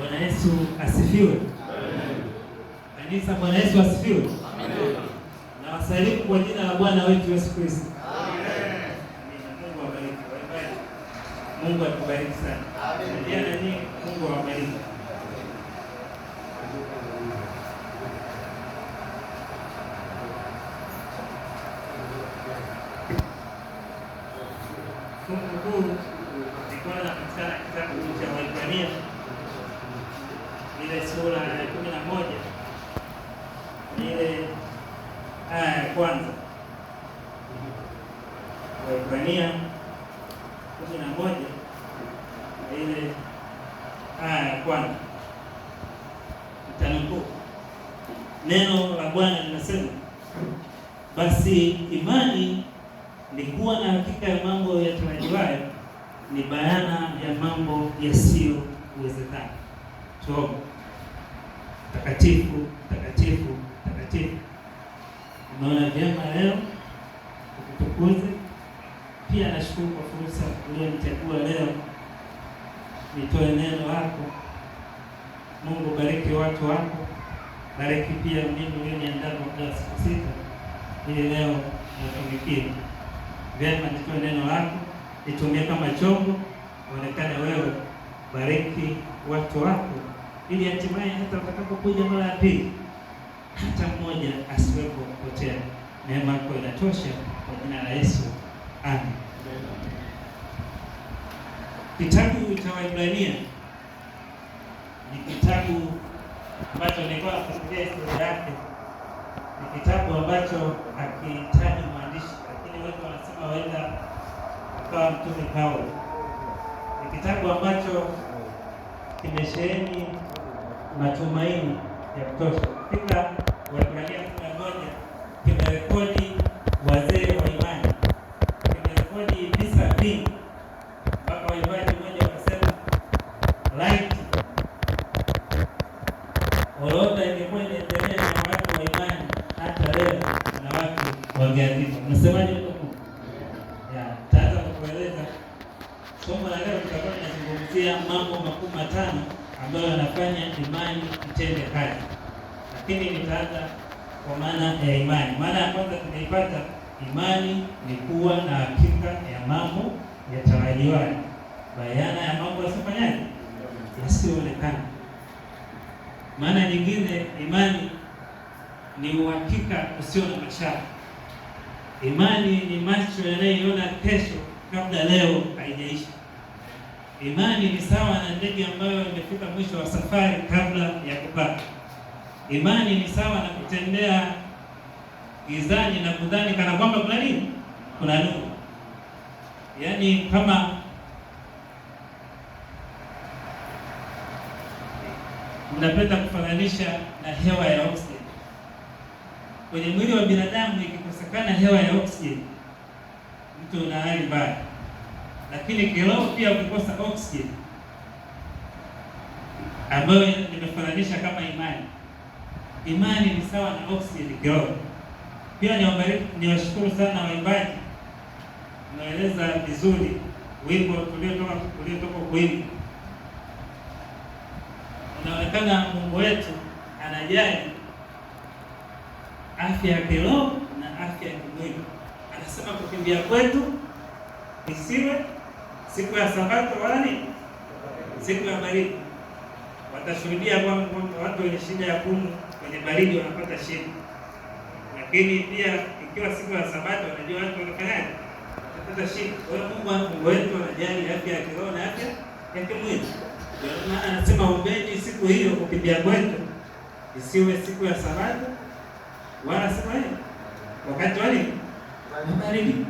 Bwana Yesu asifiwe. Kanisa, Bwana Yesu asifiwe. Na wasalimu kwa jina la Bwana wetu Yesu Kristo. Mungu awabariki. Mungu atubariki sana. Amen. Mungu awabariki. Fungu kuu ni linapatikana katika kitabu cha Waebrania ile sura ya kumi na moja ile aya ya kwanza Waibrania kumi na moja na ile aya ya kwanza nitanukuu. Neno la Bwana linasema, basi imani ni kuwa na hakika ya mambo yatarajiwayo, ni bayana ya mambo yasiyowezekana. Tuombe takatifu takatifu takatifu. Umeona vyema leo ukutukuze. Pia nashukuru kwa fursa ulionichagua leo nitoe neno lako. Mungu, bariki watu wako, bariki pia mimi ulioniandaa kwa muda wa siku sita ili leo natumikie vyema. Nitoe neno lako, nitumie kama chombo, uonekane wewe, bariki watu wako ili hatimaye hata utakapokuja mara ya pili hata mmoja asiwepo kupotea. Neema yako inatosha. Kwa jina la Yesu, amen. Kitabu cha Waebrania ni kitabu ambacho nilikuwa nafikiria historia yake. Ni kitabu ambacho hakihitaji mwandishi, lakini wengi wanasema waenda akawa mtume Paulo. Ni kitabu ambacho kimesheheni matumaini ya kutosha. Fikra Waebrania kumi moja kimerekodi wasifanyaje, wasionekana. Maana nyingine, imani ni uhakika usio na mashaka. Imani ni macho yanayoona kesho kabla leo haijaisha. Imani ni sawa na ndege ambayo imefika mwisho wa safari kabla ya kupata. Imani ni sawa na kutembea gizani na kudhani kana kwamba kuna nini, kuna nuru. Yaani kama napenda kufananisha na hewa ya oxygen. Kwenye mwili wa binadamu ikikosekana hewa ya oxygen, mtu una hali mbaya, lakini kiroho pia ukikosa oxygen ambayo nimefananisha kama imani. Imani ni sawa na oxygen kiroho. Pia niwashukuru sana waimbaji, unaeleza vizuri wimbo tuliotoka kuimba inaonekana Mungu wetu anajali afya ya kiroho na afya ya kimwili. Anasema kukimbia kwetu isiwe siku ya Sabato wala ni siku ya baridi. Watashuhudia kwamba watu wenye shida ya pumu kwenye baridi wanapata shida, lakini pia ikiwa siku ya Sabato wanajua watu wanafanya wanapata shida. Kwa hiyo Mungu wetu anajali afya ya kiroho na afya ya kimwili. Anasema ombeni siku hiyo kukimbia kwetu isiwe siku ya Sabato wala siku hiyo wakati wali baridi.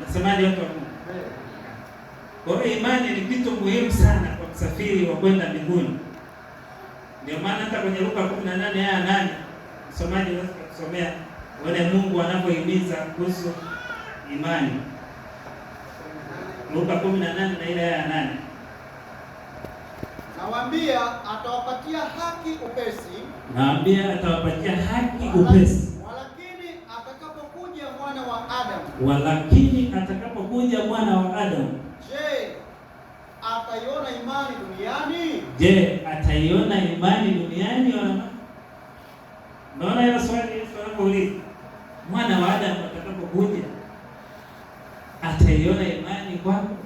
Nasemaje watu wa Mungu? Kwa hiyo imani ni kitu muhimu sana kwa msafiri wa kwenda mbinguni. Ndio maana hata kwenye Luka 18 aya 8 msomaji anaweza kusomea uone Mungu anapohimiza kuhusu imani. Luka 18 na ile aya 8. Nawaambia atawapatia haki upesi. Naambia atawapatia haki upesi. Walakini atakapokuja mwana wa Adamu. Walakini atakapokuja mwana wa Adamu. Je, ataiona imani duniani? Je, ataiona imani duniani wana? Naona hilo swali Yesu anapouliza. Mwana wa Adamu atakapokuja ataiona imani kwako?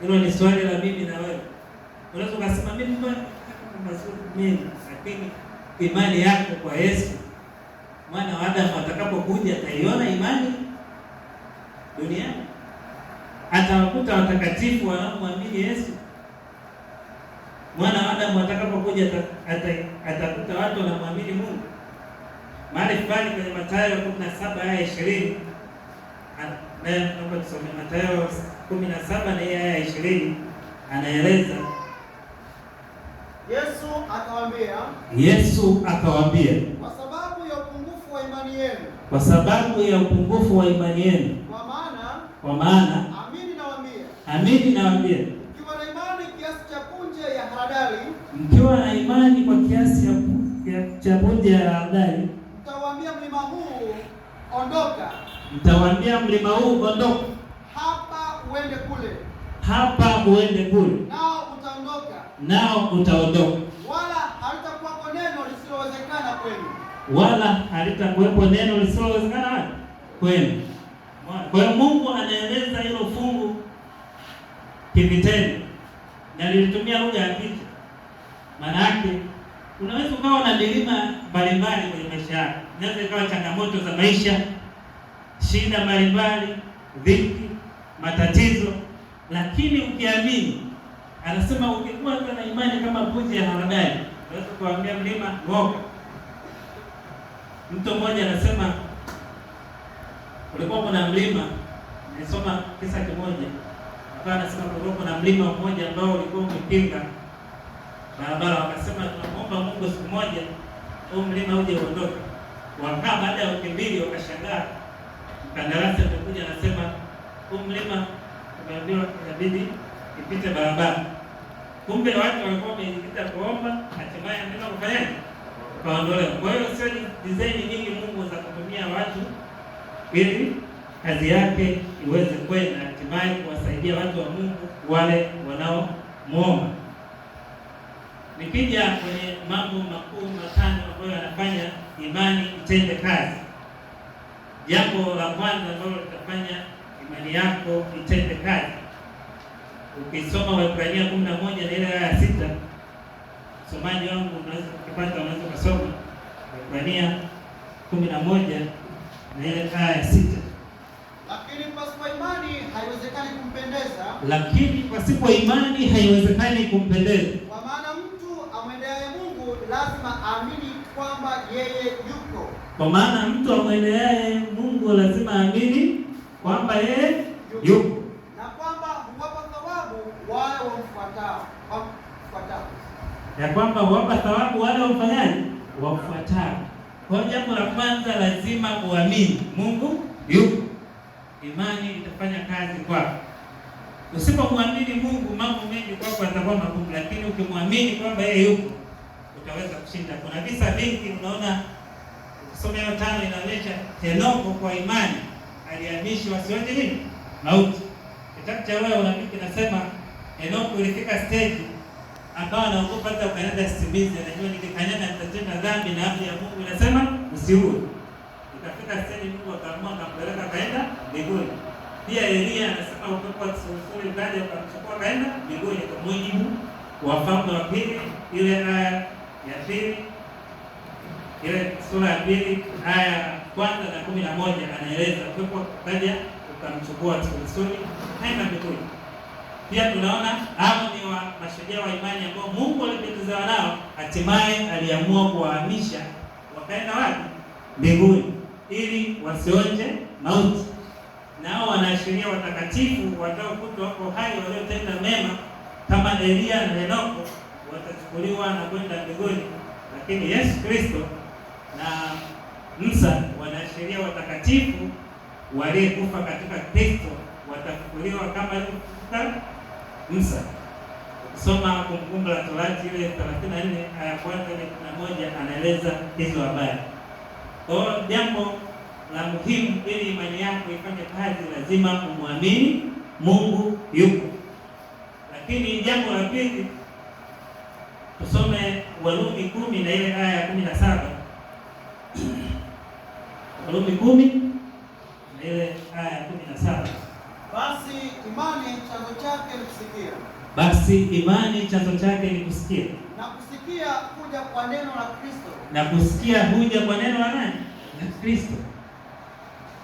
Hilo ni swali la mimi na wewe. Unaweza ukasema mimi nilikuwa mazuri mimi, lakini imani yako kwa Yesu mwana wa Adamu atakapokuja ataiona imani duniani, atawakuta watakatifu wanaomwamini Yesu. Mwana wa Adamu atakapokuja atakuta watu wanamwamini Mungu. Mahali fulani kwenye Mathayo kumi na saba aya ishirini tusome Mathayo kumi na saba aya ishirini anaeleza Yesu akawaambia, Yesu akawaambia, kwa sababu ya upungufu wa imani yenu, kwa sababu ya upungufu wa imani yenu, kwa maana, kwa maana amini nawaambia, amini nawaambia, mkiwa na imani kiasi cha punje ya haradali, mkiwa na imani kwa kiasi ya cha punje ya haradali, mtawaambia mlima huu ondoka, mtawaambia mlima huu ondoka, hapa uende kule, hapa uende kule, nao nao utaondoka, wala halitakuwepo neno lisilowezekana kwenu, wala halitakuwepo neno lisilowezekana kwenu. Kwa hiyo Mungu anaeleza hilo fungu kivitendo na lilitumia lugha ya picha. Maana yake unaweza ukawa na milima mbalimbali kwenye maisha yako, inaweza ikawa changamoto za maisha, shida mbalimbali, dhiki, matatizo, lakini ukiamini Anasema ukikuwa na imani kama punje ya haradali, unaweza kuambia mlima ng'oka. Mtu mmoja anasema ulikuwa kuna mlima, nilisoma kisa kimoja, akawa anasema kulikuwa kuna mlima mmoja ambao ulikuwa umepinga barabara, wakasema tunamuomba Mungu siku moja huu mlima uje uondoke. Wakaa baada ya wiki mbili, wakashangaa, mkandarasi amekuja anasema huu mlima umeambiwa inabidi ipite barabara Kumbe watu walikuwa wamejikita kuomba, hatimaye anaweza kufanyaje? Kaondolewa. Kwa hiyo sio design nyingi Mungu za kutumia watu ili kazi yake iweze kwenda, hatimaye kuwasaidia watu wa Mungu wale wanaomwomba. Nikija kwenye mambo makuu matano ambayo yanafanya imani itende kazi, jambo la kwanza ambalo litafanya imani yako itende kazi ukisoma Waebrania 11 na ile aya ya sita, somaji wangu unaweza kupata, unaweza kusoma Waebrania 11 na ile aya ya sita. Lakini pasipo imani haiwezekani kumpendeza, lakini pasipo imani haiwezekani kumpendeza, kwa maana mtu amwendeaye Mungu lazima aamini kwamba yeye yuko, kwa maana mtu amwendeaye Mungu lazima aamini kwamba yeye yuko ya kwamba huwapa thawabu wale wamfanyaji wafuatao. Kwa hiyo jambo la kwanza lazima uamini Mungu yupo, imani itafanya kazi kwako. Usipomwamini Mungu mambo mengi kwako yatakuwa magumu, lakini ukimwamini kwamba yeye yupo utaweza kushinda. Kuna visa vingi unaona, somo hiyo tano inaonyesha Henoko kwa imani aliamishi wasiwaje nini mauti. Kitabu cha Roho ya Unabii kinasema Enoku ilifika stage ambao anaogopa hata ukanyaga sitimizi, anajua nikikanyaga nitatenda dhambi na amri ya Mungu inasema usiue. Ikafika stage Mungu akaamua akampeleka kaenda mbinguni. Pia Elia anasema upepo wa sulfuri ukaja ukamchukua kaenda mbinguni, kwa mujibu wa Wafalme wa pili ile aya ya pili ile sura ya pili aya ya kwanza na kumi na moja anaeleza upepo kaja ukamchukua sulfuri kaenda mbinguni. Pia tunaona hao ni wa mashujaa wa imani ambao Mungu alipendezwa nao, hatimaye aliamua kuwahamisha wakaenda wapi? Mbinguni, ili wasionje mauti. Nao wanaashiria watakatifu watakaokutwa wako hai, waliotenda mema kama Elia na Henoko, watachukuliwa na kwenda mbinguni. Lakini Yesu Kristo na Musa wanaashiria watakatifu waliyekufa katika Kristo watafufuliwa kama Musa. Ukisoma Kumbukumbu la Torati ile 34 aya kwanza ile 11 anaeleza hizo habari. Kwa hiyo jambo la muhimu ili imani yako ifanye kazi, lazima umwamini Mungu yuko. Lakini jambo la pili, tusome Warumi kumi na ile aya ya kumi na saba Warumi kumi na ile aya ya kumi na saba basi imani chanzo chake ni kusikia. Basi imani chanzo chake ni kusikia. Na kusikia huja kwa neno la Kristo. Na kusikia huja kwa neno la nani? La Kristo.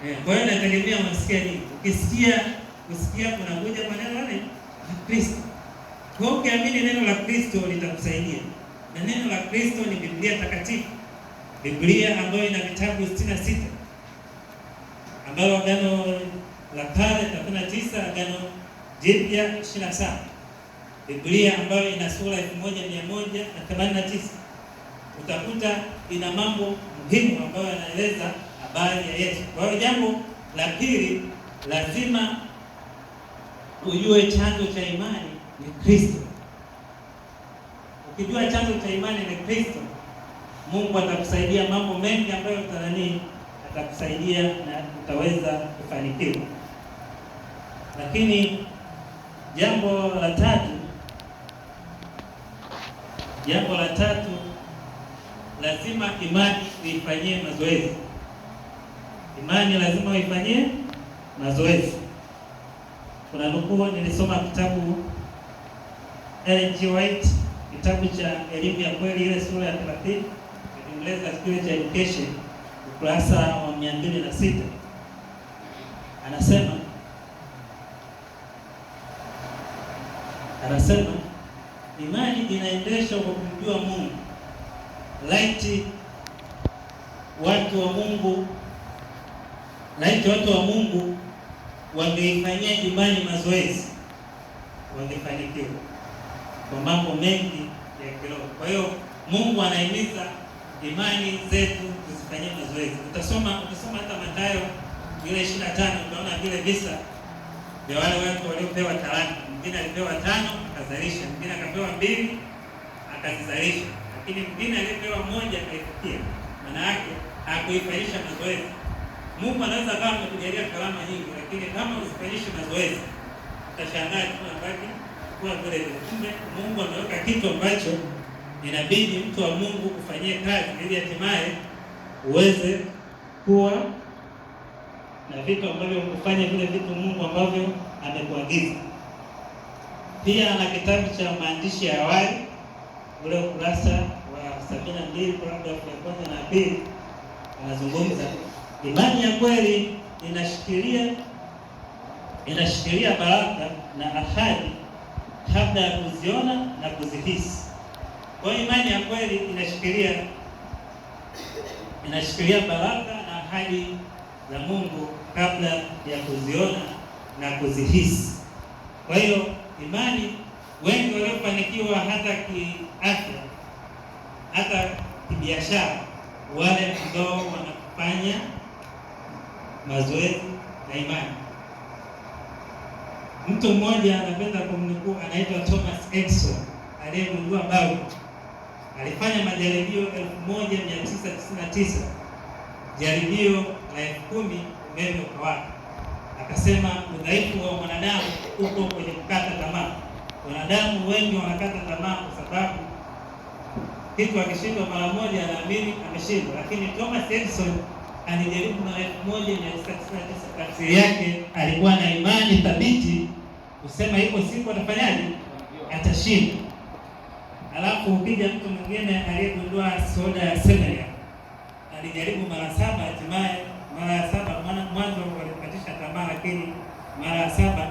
Eh, kwa hiyo nategemea unasikia nini? Ukisikia kusikia kuna kuja kwa neno la nani? La Kristo. Kwa hiyo ukiamini neno la Kristo litakusaidia. Na neno la Kristo ni Biblia takatifu. Biblia ambayo ina vitabu 66 ambayo agano la kale 39 Agano Jipya 27 Biblia ambayo ina sura 1189 utakuta ina mambo muhimu ambayo yanaeleza habari ya Yesu. Kwa hiyo jambo la pili, lazima ujue chanzo cha imani ni Kristo. Ukijua chanzo cha imani ni Kristo, Mungu atakusaidia mambo mengi ambayo utanani, atakusaidia na utaweza kufanikiwa. Lakini jambo la tatu, jambo la tatu, lazima imani uifanyie mazoezi. Imani lazima uifanyie mazoezi. Kuna nukuu, nilisoma kitabu Ellen G. White, kitabu cha elimu ya kweli, ile sura ya 30 Kiingereza Spiritual Education, ukurasa wa 206 anasema Anasema imani inaendeshwa kwa kumjua Mungu. Laiti watu wa Mungu, laiti watu wa Mungu wangeifanyia imani mazoezi, wangefanikiwa kwa mambo mengi ya kiroho. Kwa hiyo Mungu anahimiza imani zetu tuzifanyie mazoezi. Utasoma utasoma hata Mathayo ile 25 utaona vile visa ndio wale watu waliopewa talanta. Mwingine alipewa tano akazalisha, mwingine akapewa mbili akazizalisha, lakini mwingine aliyepewa moja akaifikia. Maana yake hakuifanyisha mazoezi. Mungu anaweza kama mekujalia kalama nyingi, lakini kama usifanyishe mazoezi utashangaa tu abaki kuwa vile vile. Kumbe Mungu ameweka kitu ambacho inabidi mtu wa Mungu kufanyie kazi ili hatimaye uweze kuwa na vitu ambavyo kufanya vile vitu Mungu ambavyo amekuagiza. Pia ana kitabu cha maandishi ya awali ule ukurasa wa sabini na mbili paragrafu ya kwanza na pili, anazungumza imani ya kweli inashikilia inashikilia baraka na ahadi kabla ya kuziona na kuzihisi. Kwa hiyo imani ya kweli inashikilia inashikilia baraka na ahadi za Mungu kabla ya kuziona na kuzihisi. Kwa hiyo imani, wengi waliofanikiwa hata kiafya, hata kibiashara, wale ambao wanafanya mazoezi na imani. Mtu mmoja anapenda kumnukuu, anaitwa Thomas Edison aliyegundua balbu. Alifanya majaribio 1999 jaribio na elfu kumi umeme uko Akasema udhaifu wa mwanadamu uko kwenye kukata tamaa. Wanadamu wengi wanakata tamaa kwa sababu kitu akishindwa mara moja anaamini ameshindwa, lakini Thomas Edison alijaribu mara elfu moja mia tisa tisini na tisa. Tafsiri yake alikuwa na imani thabiti kusema hivyo siku atafanyaje, atashinda. Alafu ukija mtu mwingine aliyegundua soda ya Senegal alijaribu mara saba, hatimaye mara ya saba mwanzo alipatisha tamaa, lakini mara ya saba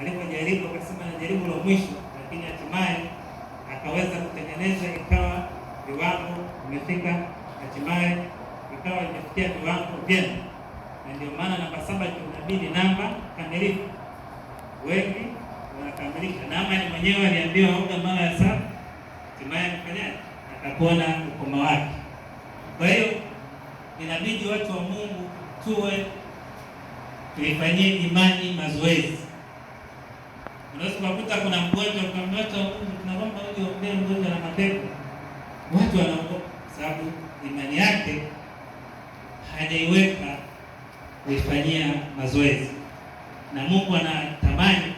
alipojaribu akasema na jaribu la mwisho, lakini hatimaye akaweza kutengeneza ikawa viwango imefika, hatimaye ikawa imefikia viwango vyema, na ndio maana namba saba kiunabii namba kamilifu. Wengi wanakamilisha. ni mwenyewe aliambiwa oga mara ya saba, hatimaye akafanyaje? Akapona ukoma wake. Kwa hiyo inabidi watu wa Mungu tuwe tuifanyie imani mazoezi. Unaweza kukuta kuna mgonjwa, kuna watu wa Mungu tunaomba uje uombee mgonjwa na mapepo, watu wanaogopa, sababu imani yake hajaiweka kuifanyia mazoezi, na Mungu anatamani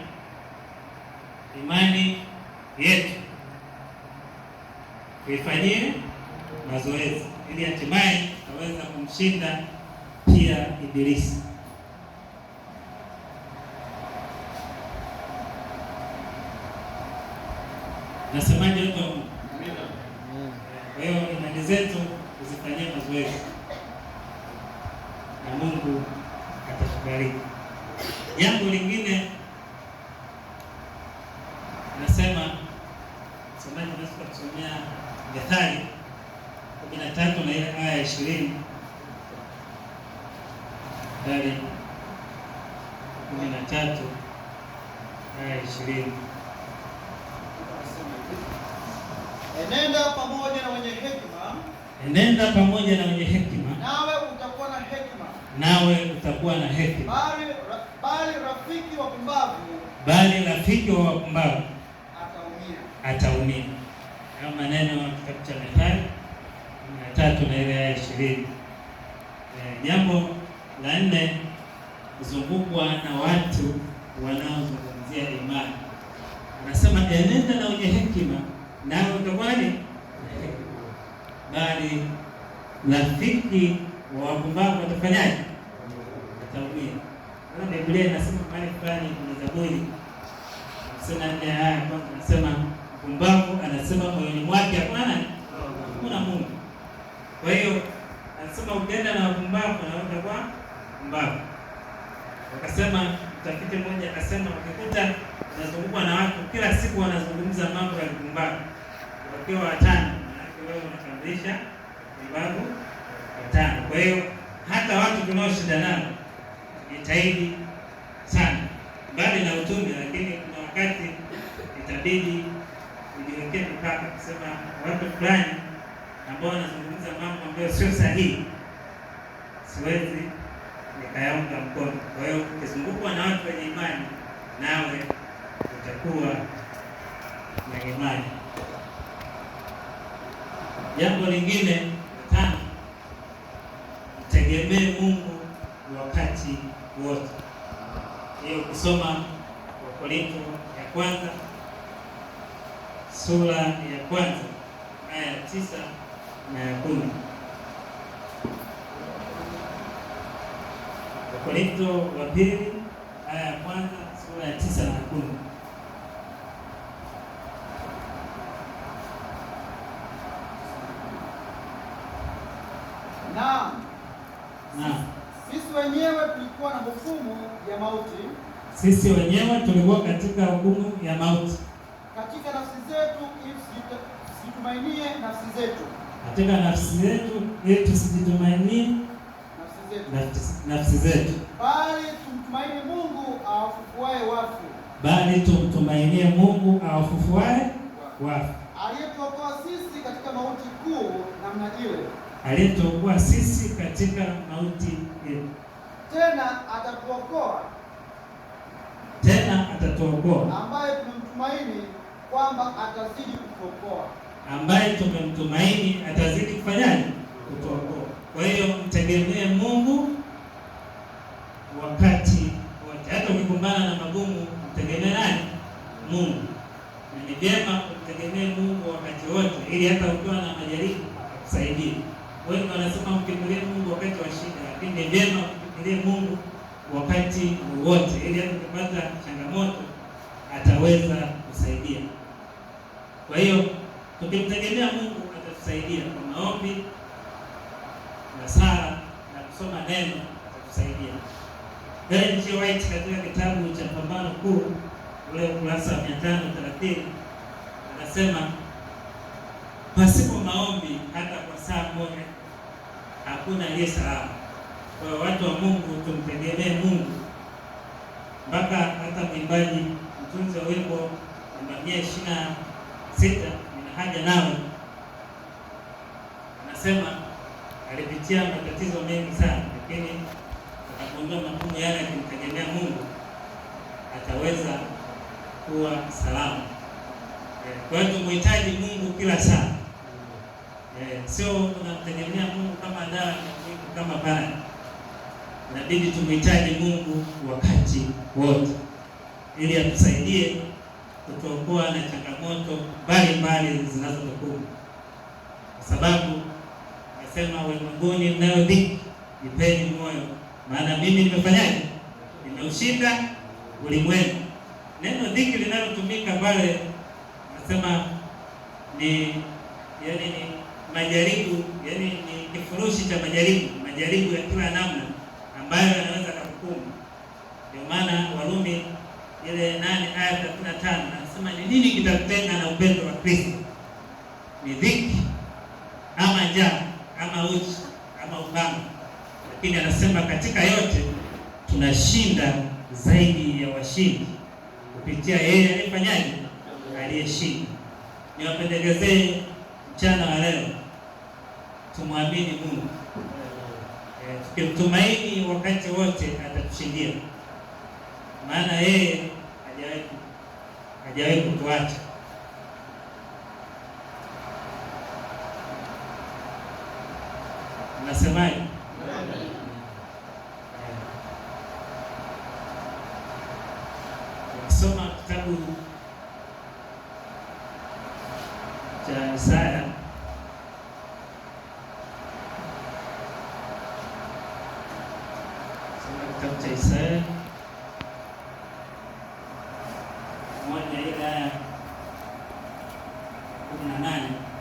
imani yetu kuifanyia mazoezi ili hatimaye aweza kumshinda pia Ibilisi. Nasemaje huko nawe utakuwa na hekima. Bali rafiki wa pumbavu, bali rafiki wa wapumbavu ataumia, ataumia. Hayo maneno kitabu cha Methali mia tatu na ile ya ishirini. Eh, jambo la nne, kuzungukwa na watu wanaozungumzia imani. Anasema enenda na wenye hekima, nawe utakuwa na hekima. Bali rafiki wapumbavu watafanyaje? Wataumia. Sasa Biblia inasema mahali fulani kuna Zaburi sura nne aya kwanza inasema mpumbavu anasema moyoni mwake hakuna nani? Hakuna Mungu. Kwa hiyo anasema ukienda na wapumbavu anaenda kwa mpumbavu. Wakasema mtafiti mmoja akasema ukikuta unazungukwa na watu kila siku wanazungumza mambo ya mpumbavu wakiwa watano, maana wewe unakamilisha mpumbavu tano. Kwa hiyo hata watu shida nao jitahidi sana, mbali na utume, lakini kuna wakati itabidi ujiwekee mipaka, kusema watu fulani ambao wanazungumza mambo ambayo sio sahihi, siwezi nikayaunga mkono. Kwa hiyo ukizungukwa na watu wenye imani, nawe utakuwa na imani. Jambo lingine tumtegemee Mungu wakati wote. Hiyo kusoma Wakorintho ya kwanza sura ya kwanza aya ya tisa na ya kumi. Wakorintho wa pili Sisi wenyewe tulikuwa katika hukumu ya mauti. Katika nafsi zetu tusijitumainie nafsi zetu. Katika nafsi zetu ili tusijitumainie nafsi zetu. nafsi zetu. Bali tumtumainie Mungu awafufuae wafu. Bali tumtumainie Mungu awafufuae wafu. Aliyetuokoa sisi katika mauti kuu namna ile. Aliyetuokoa sisi katika mauti ile. Tena atatuokoa tena atatuokoa, ambaye tumemtumaini kwamba atazidi kutuokoa, ambaye tumemtumaini atazidi kufanyaje? Kutuokoa. Kwa hiyo mtegemee Mungu wakati wote, hata ukikumbana na magumu mtegemee nani? Mungu. Na ni vyema kumtegemea Mungu wakati wote, ili hata ukiwa na majaribu akusaidie. Wengi wanasema mkimbilie Mungu wakati wa shida, lakini ni vyema kumkimbilia Mungu wakati wowote, ili atakapata changamoto ataweza kusaidia. Kwa hiyo tukimtegemea Mungu atatusaidia kwa maombi na sala na kusoma neno, atatusaidia. Ellen G. White katika kitabu cha Pambano Kuu ule ukurasa wa 530 anasema pasipo maombi hata kwa saa moja hakuna aliye salama kwa watu wa Mungu tumtegemee Mungu. Mpaka hata mwimbaji mtunzi wa wimbo namba mia ishirini na sita nina haja nawe anasema alipitia matatizo mengi sana, lakini atakagundua magumu yale akimtegemea Mungu ataweza kuwa salama. Eh, kwa hiyo tumhitaji Mungu kila saa, eh, sio unamtegemea Mungu kama dawa, kama baraka inabidi tumhitaji Mungu wakati wote ili atusaidie kutuokoa na changamoto mbalimbali zinazotukumba, kwa sababu nasema ulimwenguni mnayo dhiki, nipeni moyo, maana mimi nimefanyaje? Nimeushinda ulimwengu. Neno dhiki linalotumika pale nasema ni yani ni majaribu, yani ni kifurushi cha majaribu, majaribu ya kila namna ambayo yanaweza kukukumba. Ndio maana Warumi ile nane aya 35 anasema ni nini kitakutenga na upendo wa Kristo? Ni dhiki ama njaa ama uchi ama ukame? Lakini anasema katika yote tunashinda zaidi ya washindi kupitia yeye aliyefanyaje, aliyeshinda. Niwapendekezee mchana wa leo, tumwamini Mungu ukimtumaini wakati wote atakushindia, maana yeye hajawahi hajawahi kutuacha. Nasemaje? Israeli moja ile aya kumi na nane